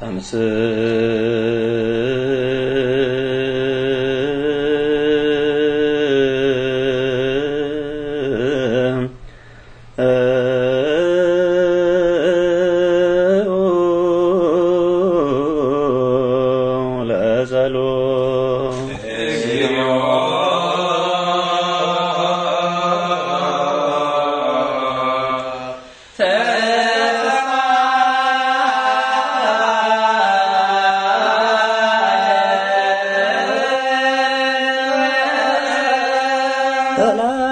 他是。Hello.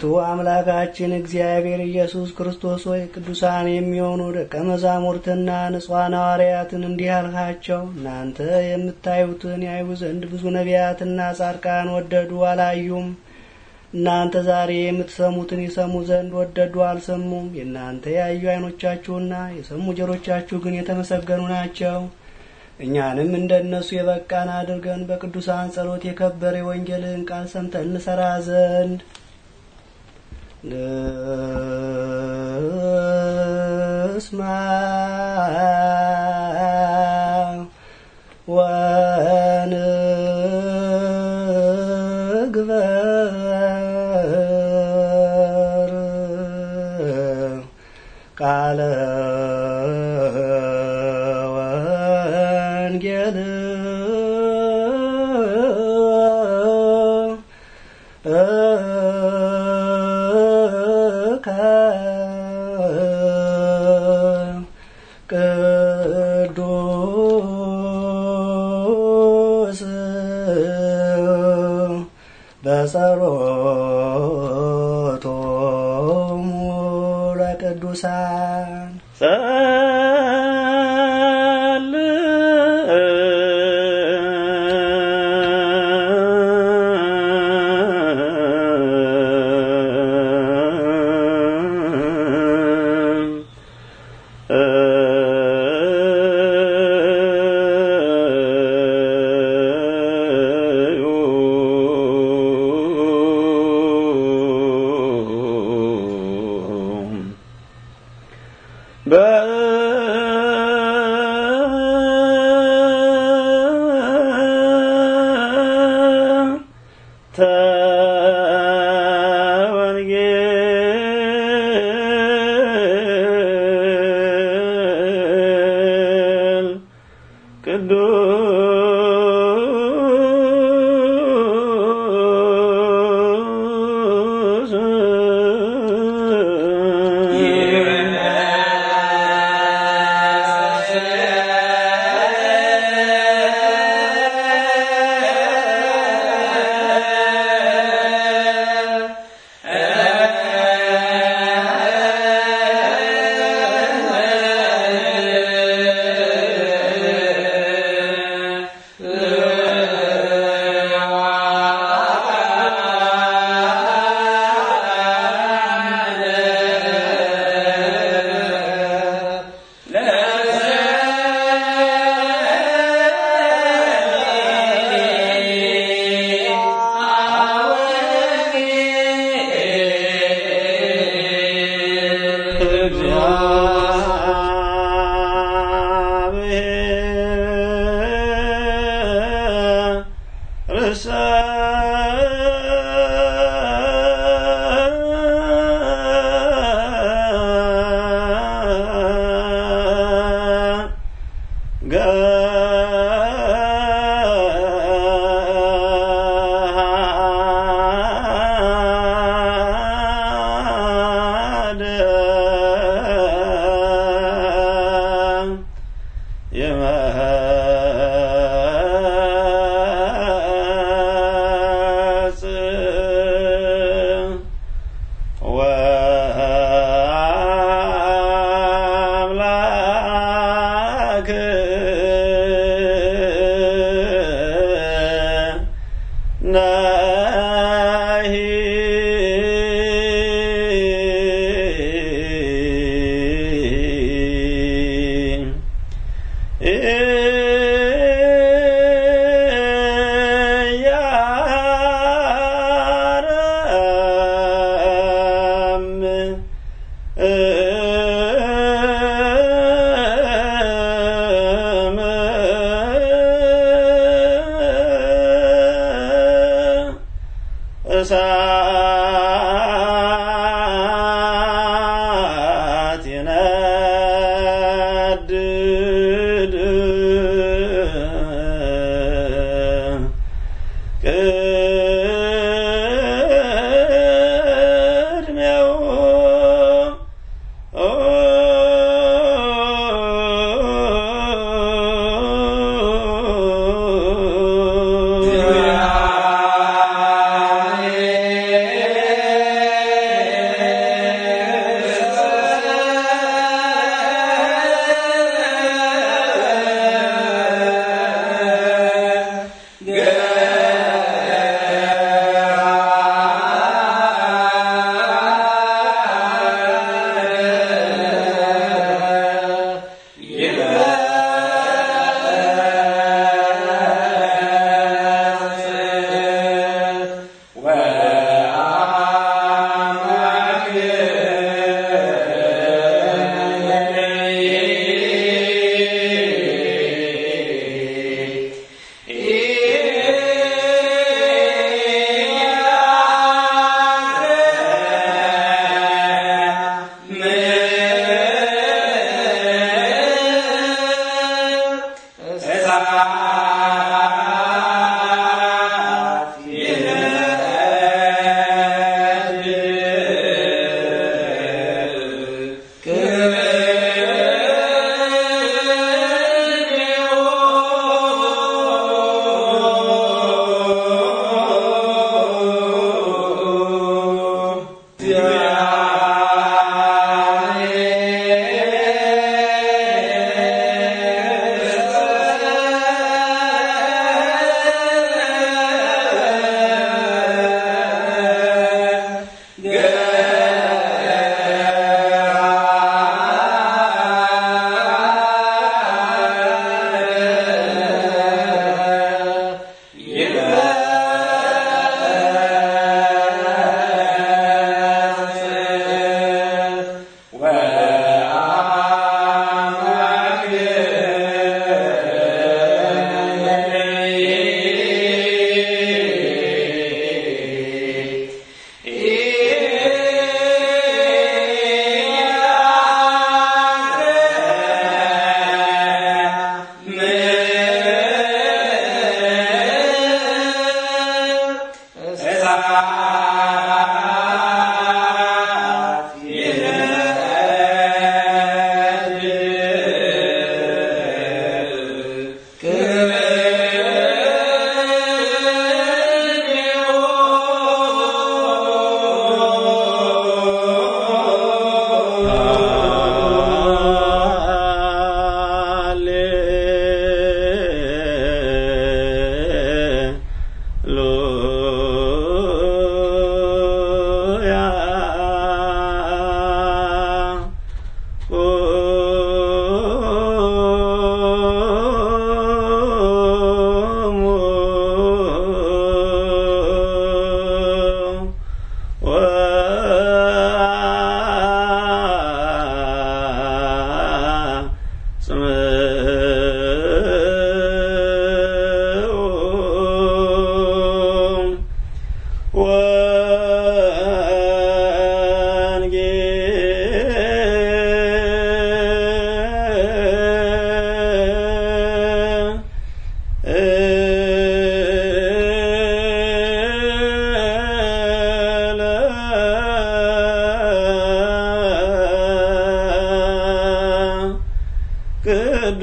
ጌቱ አምላካችን እግዚአብሔር ኢየሱስ ክርስቶስ ሆይ ቅዱሳን የሚሆኑ ደቀ መዛሙርትና ንጹሐን ሐዋርያትን እንዲህ አልካቸው፣ እናንተ የምታዩትን ያዩ ዘንድ ብዙ ነቢያትና ጻድቃን ወደዱ፣ አላዩም። እናንተ ዛሬ የምትሰሙትን ይሰሙ ዘንድ ወደዱ፣ አልሰሙም። የእናንተ ያዩ ዓይኖቻችሁና የሰሙ ጆሮቻችሁ ግን የተመሰገኑ ናቸው። እኛንም እንደ እነሱ የበቃን አድርገን በቅዱሳን ጸሎት የከበረ ወንጌልን ቃል ሰምተን እንሰራ ዘንድ Desma በጸሎቶሙ ለቅዱሳን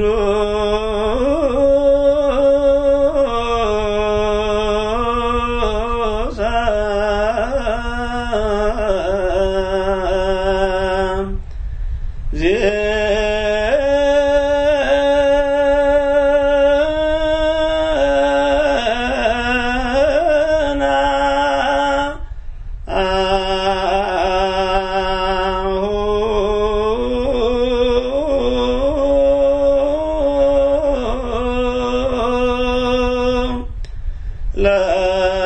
Oh. 了。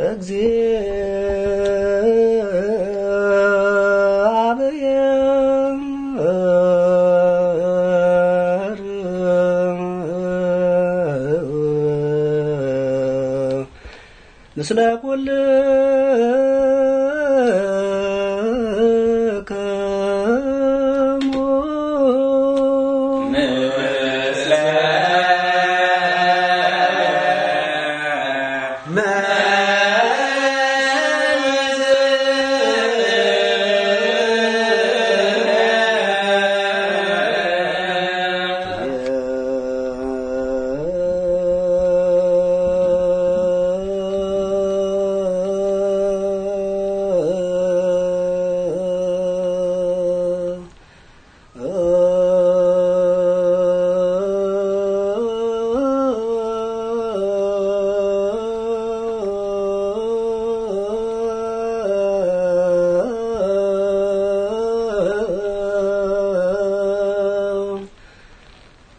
እግዚአብሔር ምስለ ኩል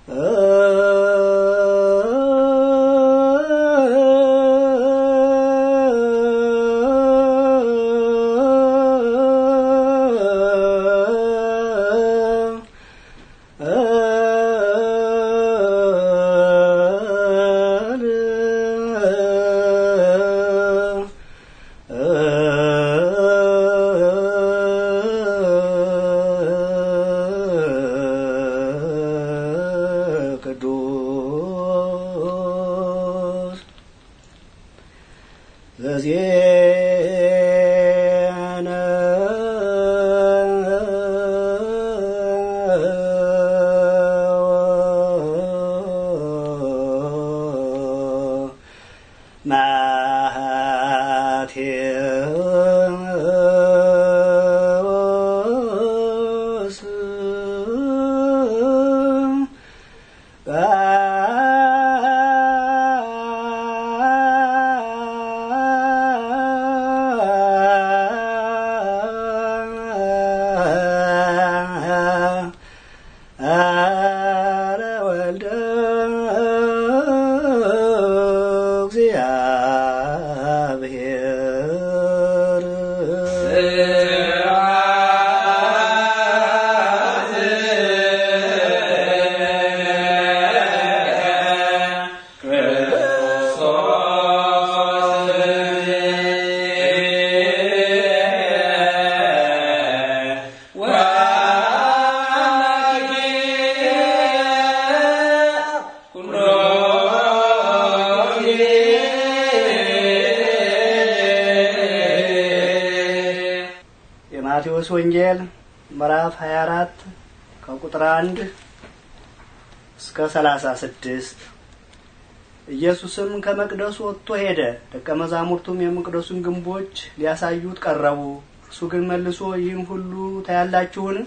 Oh. Thus, yeah. ወንጌል ምዕራፍ 24 ከቁጥር 1 እስከ 36 ኢየሱስም ከመቅደሱ ወጥቶ ሄደ። ደቀ መዛሙርቱም የመቅደሱን ግንቦች ሊያሳዩት ቀረቡ። እርሱ ግን መልሶ ይህን ሁሉ ታያላችሁን?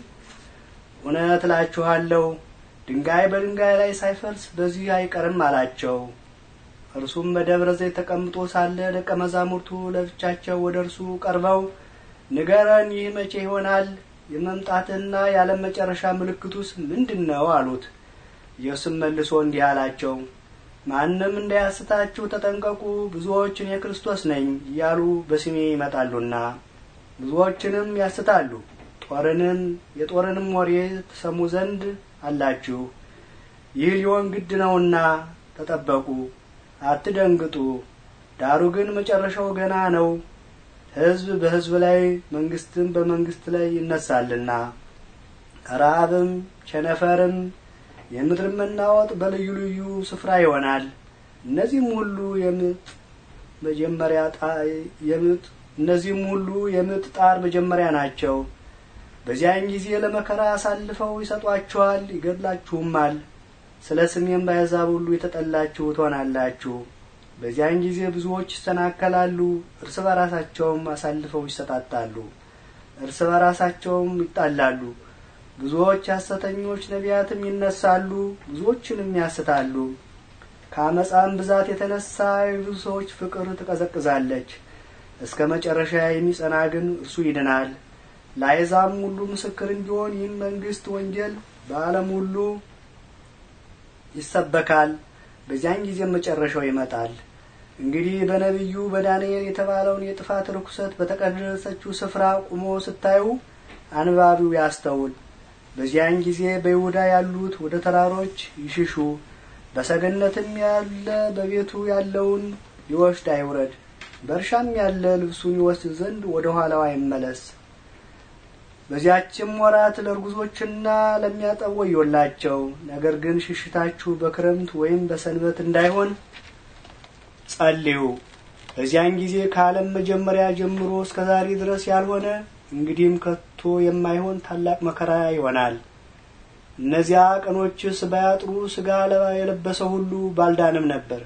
እውነት እላችኋለሁ ድንጋይ በድንጋይ ላይ ሳይፈልስ በዚህ አይቀርም አላቸው። እርሱም በደብረ ዘይት ተቀምጦ ሳለ ደቀ መዛሙርቱ ለብቻቸው ወደ እርሱ ቀርበው ንገረን፣ ይህ መቼ ይሆናል? የመምጣትና የዓለም መጨረሻ ምልክቱስ ምንድን ነው? አሉት። ኢየሱስም መልሶ እንዲህ አላቸው፣ ማንም እንዳያስታችሁ ተጠንቀቁ። ብዙዎችን የክርስቶስ ነኝ እያሉ በስሜ ይመጣሉና ብዙዎችንም ያስታሉ። ጦርንም የጦርንም ወሬ ትሰሙ ዘንድ አላችሁ። ይህ ሊሆን ግድ ነውና ተጠበቁ፣ አትደንግጡ። ዳሩ ግን መጨረሻው ገና ነው። ህዝብ በህዝብ ላይ መንግስትም በመንግስት ላይ ይነሳልና ረአብም ቸነፈርም የምድር መናወጥ በልዩ ልዩ ስፍራ ይሆናል። እነዚህም ሁሉ የምጥ መጀመሪያ የምጥ እነዚህም ሁሉ የምጥ ጣር መጀመሪያ ናቸው። በዚያን ጊዜ ለመከራ አሳልፈው ይሰጧችኋል፣ ይገድላችሁማል። ስለ ስሜም ባሕዛብ ሁሉ የተጠላችሁ ትሆናላችሁ። በዚያን ጊዜ ብዙዎች ይሰናከላሉ፣ እርስ በራሳቸውም አሳልፈው ይሰጣጣሉ፣ እርስ በራሳቸውም ይጣላሉ። ብዙዎች ሐሰተኞች ነቢያትም ይነሳሉ፣ ብዙዎችንም ያስታሉ። ከአመፃም ብዛት የተነሳ የብዙ ሰዎች ፍቅር ትቀዘቅዛለች። እስከ መጨረሻ የሚጸና ግን እርሱ ይድናል። ላይዛም ሁሉ ምስክር እንዲሆን ይህን መንግስት ወንጀል በዓለም ሁሉ ይሰበካል በዚያን ጊዜ መጨረሻው ይመጣል። እንግዲህ በነቢዩ በዳንኤል የተባለውን የጥፋት ርኩሰት በተቀደሰችው ስፍራ ቁሞ ስታዩ አንባቢው ያስተውል። በዚያን ጊዜ በይሁዳ ያሉት ወደ ተራሮች ይሽሹ። በሰገነትም ያለ በቤቱ ያለውን ሊወስድ አይውረድ። በእርሻም ያለ ልብሱን ይወስድ ዘንድ ወደ ኋላው አይመለስ። በዚያችም ወራት ለርጉዞችና ለሚያጠቡ ወዮላቸው። ነገር ግን ሽሽታችሁ በክረምት ወይም በሰንበት እንዳይሆን ጸልዩ። በዚያን ጊዜ ከዓለም መጀመሪያ ጀምሮ እስከ ዛሬ ድረስ ያልሆነ እንግዲህም ከቶ የማይሆን ታላቅ መከራ ይሆናል። እነዚያ ቀኖችስ ባያጥሩ ለባ የለበሰ ሁሉ ባልዳንም ነበር።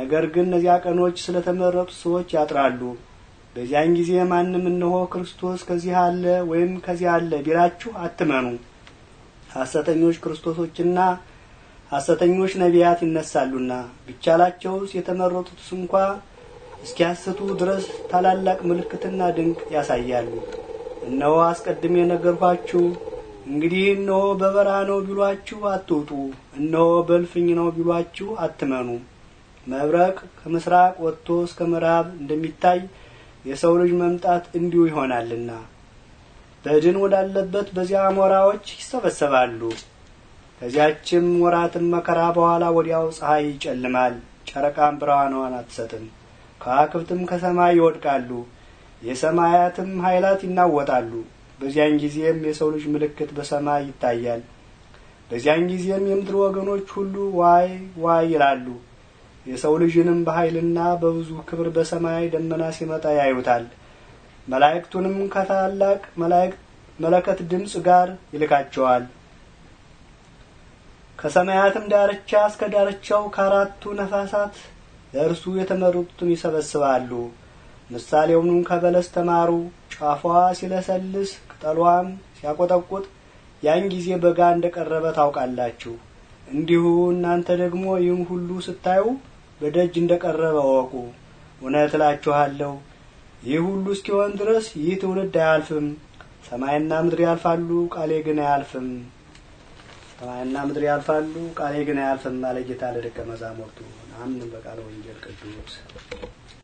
ነገር ግን እነዚያ ቀኖች ስለተመረጡ ሰዎች ያጥራሉ። በዚያን ጊዜ ማንም እነሆ ክርስቶስ ከዚህ አለ ወይም ከዚህ አለ ቢላችሁ አትመኑ። ሐሰተኞች ክርስቶሶችና ሐሰተኞች ነቢያት ይነሳሉና ቢቻላቸውስ የተመረጡት እንኳ እስኪያስቱ ድረስ ታላላቅ ምልክትና ድንቅ ያሳያሉ። እነሆ አስቀድሜ ነገርኋችሁ። እንግዲህ እነሆ በበረሃ ነው ቢሏችሁ አትውጡ፣ እነሆ በልፍኝ ነው ቢሏችሁ አትመኑ። መብረቅ ከምስራቅ ወጥቶ እስከ ምዕራብ እንደሚታይ የሰው ልጅ መምጣት እንዲሁ ይሆናልና በድን ወዳለበት በዚያ ሞራዎች ይሰበሰባሉ። ከዚያችም ወራትን መከራ በኋላ ወዲያው ፀሐይ ይጨልማል፣ ጨረቃም ብርሃኗን አትሰጥም፣ ከዋክብትም ከሰማይ ይወድቃሉ፣ የሰማያትም ኃይላት ይናወጣሉ። በዚያን ጊዜም የሰው ልጅ ምልክት በሰማይ ይታያል። በዚያን ጊዜም የምድር ወገኖች ሁሉ ዋይ ዋይ ይላሉ። የሰው ልጅንም በኃይልና በብዙ ክብር በሰማይ ደመና ሲመጣ ያዩታል። መላእክቱንም ከታላቅ መላእክት መለከት ድምጽ ጋር ይልካቸዋል። ከሰማያትም ዳርቻ እስከ ዳርቻው ከአራቱ ነፋሳት ለእርሱ የተመረጡትን ይሰበስባሉ። ምሳሌውንም ከበለስ ተማሩ። ጫፏ ሲለሰልስ ቅጠሏም ሲያቆጠቁጥ ያን ጊዜ በጋ እንደ ቀረበ ታውቃላችሁ። እንዲሁ እናንተ ደግሞ ይህን ሁሉ ስታዩ በደጅ እንደቀረበ ወቁ። እውነት እላችኋለሁ ይህ ሁሉ እስኪሆን ድረስ ይህ ትውልድ አያልፍም። ሰማይና ምድር ያልፋሉ፣ ቃሌ ግን አያልፍም። ሰማይና ምድር ያልፋሉ፣ ቃሌ ግን አያልፍም አለ ጌታ ለደቀ መዛሙርቱ። አምን በቃለ ወንጌል ቅዱስ